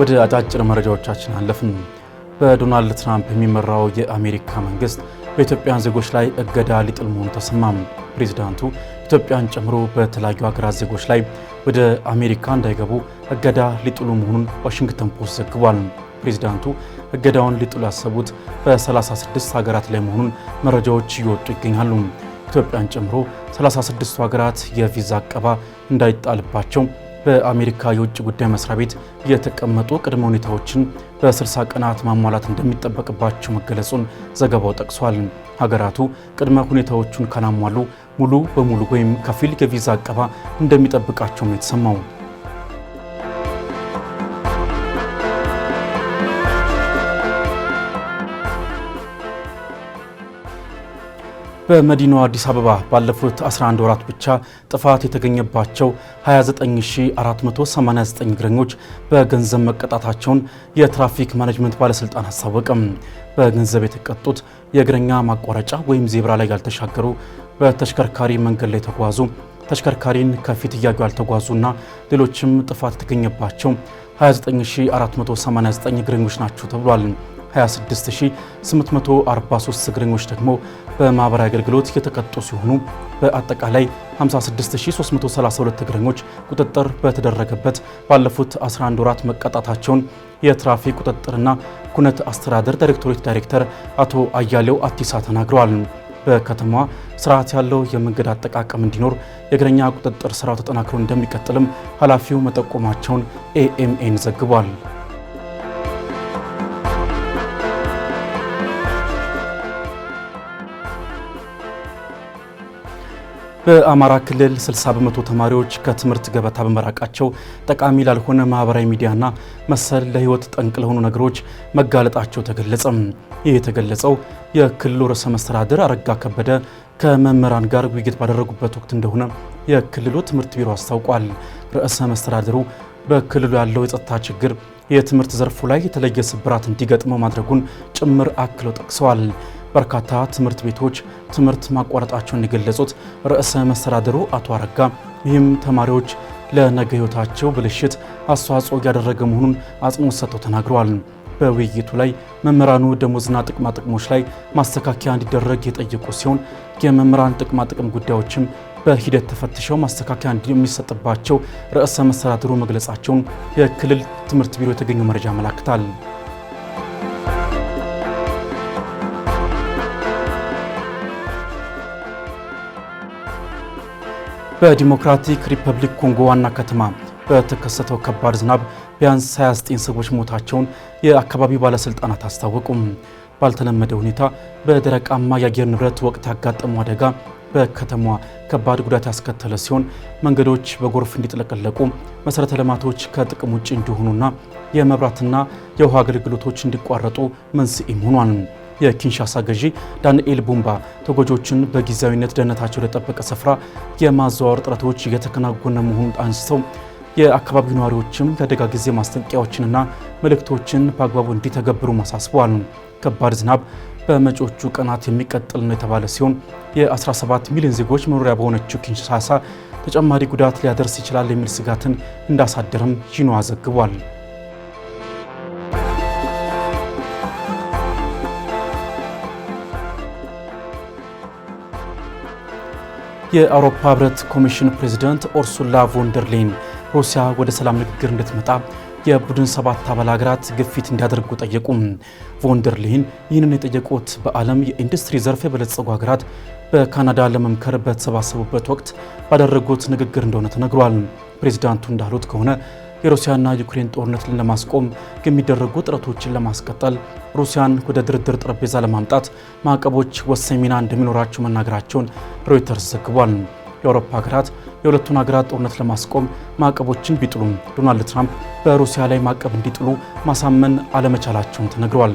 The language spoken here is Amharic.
ወደ አጫጭር መረጃዎቻችን አለፍን። በዶናልድ ትራምፕ የሚመራው የአሜሪካ መንግስት በኢትዮጵያን ዜጎች ላይ እገዳ ሊጥል መሆኑ ተሰማም። ፕሬዚዳንቱ ኢትዮጵያን ጨምሮ በተለያዩ ሀገራት ዜጎች ላይ ወደ አሜሪካ እንዳይገቡ እገዳ ሊጥሉ መሆኑን ዋሽንግተን ፖስት ዘግቧል። ፕሬዚዳንቱ እገዳውን ሊጥሉ ያሰቡት በ36 ሀገራት ላይ መሆኑን መረጃዎች እየወጡ ይገኛሉ። ኢትዮጵያን ጨምሮ 36ቱ ሀገራት የቪዛ አቀባ እንዳይጣልባቸው በአሜሪካ የውጭ ጉዳይ መስሪያ ቤት የተቀመጡ ቅድመ ሁኔታዎችን በ60 ቀናት ማሟላት እንደሚጠበቅባቸው መገለጹን ዘገባው ጠቅሷል። ሀገራቱ ቅድመ ሁኔታዎቹን ካላሟሉ ሙሉ በሙሉ ወይም ከፊል የቪዛ አቀባ እንደሚጠብቃቸውም የተሰማው በመዲናዋ አዲስ አበባ ባለፉት 11 ወራት ብቻ ጥፋት የተገኘባቸው 29489 እግረኞች በገንዘብ መቀጣታቸውን የትራፊክ ማኔጅመንት ባለስልጣን አስታወቀም። በገንዘብ የተቀጡት የእግረኛ ማቋረጫ ወይም ዜብራ ላይ ያልተሻገሩ፣ በተሽከርካሪ መንገድ ላይ ተጓዙ፣ ተሽከርካሪን ከፊት እያዩ እና ሌሎችም ጥፋት የተገኘባቸው 29489 እግረኞች ናቸው ተብሏል። 26843 እግረኞች ደግሞ በማህበራዊ አገልግሎት የተቀጡ ሲሆኑ በአጠቃላይ 56332 እግረኞች ቁጥጥር በተደረገበት ባለፉት 11 ወራት መቀጣታቸውን የትራፊክ ቁጥጥርና ኩነት አስተዳደር ዳይሬክቶሬት ዳይሬክተር አቶ አያሌው አቲሳ ተናግረዋል። በከተማዋ ስርዓት ያለው የመንገድ አጠቃቀም እንዲኖር የእግረኛ ቁጥጥር ስራው ተጠናክሮ እንደሚቀጥልም ኃላፊው መጠቆማቸውን ኤኤምኤን ዘግቧል። በአማራ ክልል 60 በመቶ ተማሪዎች ከትምህርት ገበታ በመራቃቸው ጠቃሚ ላልሆነ ማህበራዊ ሚዲያና መሰል ለህይወት ጠንቅ ለሆኑ ነገሮች መጋለጣቸው ተገለጸም። ይህ የተገለጸው የክልሉ ርዕሰ መስተዳድር አረጋ ከበደ ከመምህራን ጋር ውይይት ባደረጉበት ወቅት እንደሆነ የክልሉ ትምህርት ቢሮ አስታውቋል። ርዕሰ መስተዳድሩ በክልሉ ያለው የጸጥታ ችግር የትምህርት ዘርፉ ላይ የተለየ ስብራት እንዲገጥመው ማድረጉን ጭምር አክለው ጠቅሰዋል። በርካታ ትምህርት ቤቶች ትምህርት ማቋረጣቸውን የገለጹት ርዕሰ መስተዳድሩ አቶ አረጋ ይህም ተማሪዎች ለነገ ህይወታቸው ብልሽት አስተዋጽኦ እያደረገ መሆኑን አጽንኦት ሰጥተው ተናግረዋል። በውይይቱ ላይ መምህራኑ ደሞዝና ጥቅማ ጥቅሞች ላይ ማስተካከያ እንዲደረግ የጠየቁ ሲሆን የመምህራን ጥቅማ ጥቅም ጉዳዮችም በሂደት ተፈትሸው ማስተካከያ የሚሰጥባቸው ርዕሰ መስተዳድሩ መግለጻቸውን የክልል ትምህርት ቢሮ የተገኘው መረጃ ያመላክታል። በዲሞክራቲክ ሪፐብሊክ ኮንጎ ዋና ከተማ በተከሰተው ከባድ ዝናብ ቢያንስ 29 ሰዎች ሞታቸውን የአካባቢው ባለስልጣናት አስታወቁም። ባልተለመደ ሁኔታ በደረቃማ የአየር ንብረት ወቅት ያጋጠመው አደጋ በከተማዋ ከባድ ጉዳት ያስከተለ ሲሆን መንገዶች በጎርፍ እንዲጥለቀለቁ፣ መሰረተ ልማቶች ከጥቅም ውጭ እንዲሆኑና የመብራትና የውሃ አገልግሎቶች እንዲቋረጡ መንስኤም ሆኗል። የኪንሻሳ ገዢ ዳንኤል ቡምባ ተጎጆችን በጊዜያዊነት ደህንነታቸው ለጠበቀ ስፍራ የማዘዋወር ጥረቶች እየተከናወነ መሆኑን አንስተው የአካባቢው ነዋሪዎችም ከደጋ ጊዜ ማስጠንቀቂያዎችንና መልእክቶችን በአግባቡ እንዲተገብሩ ማሳስበዋል። ከባድ ዝናብ በመጪዎቹ ቀናት የሚቀጥል ነው የተባለ ሲሆን የ17 ሚሊዮን ዜጎች መኖሪያ በሆነችው ኪንሻሳ ተጨማሪ ጉዳት ሊያደርስ ይችላል የሚል ስጋትን እንዳሳደርም ዢኖ ዘግቧል። የአውሮፓ ህብረት ኮሚሽን ፕሬዚደንት ኦርሱላ ቮንደርሌን ሩሲያ ወደ ሰላም ንግግር እንድትመጣ የቡድን ሰባት አባል ሀገራት ግፊት እንዲያደርጉ ጠየቁ። ቮንደርሌን ይህንን የጠየቁት በዓለም የኢንዱስትሪ ዘርፍ የበለጸጉ ሀገራት በካናዳ ለመምከር በተሰባሰቡበት ወቅት ባደረጉት ንግግር እንደሆነ ተነግሯል። ፕሬዚዳንቱ እንዳሉት ከሆነ የሩሲያና ዩክሬን ጦርነትን ለማስቆም የሚደረጉ ጥረቶችን ለማስቀጠል ሩሲያን ወደ ድርድር ጠረጴዛ ለማምጣት ማዕቀቦች ወሳኝ ሚና እንደሚኖራቸው መናገራቸውን ሮይተርስ ዘግቧል። የአውሮፓ ሀገራት የሁለቱን ሀገራት ጦርነት ለማስቆም ማዕቀቦችን ቢጥሉም ዶናልድ ትራምፕ በሩሲያ ላይ ማዕቀብ እንዲጥሉ ማሳመን አለመቻላቸውን ተነግሯል።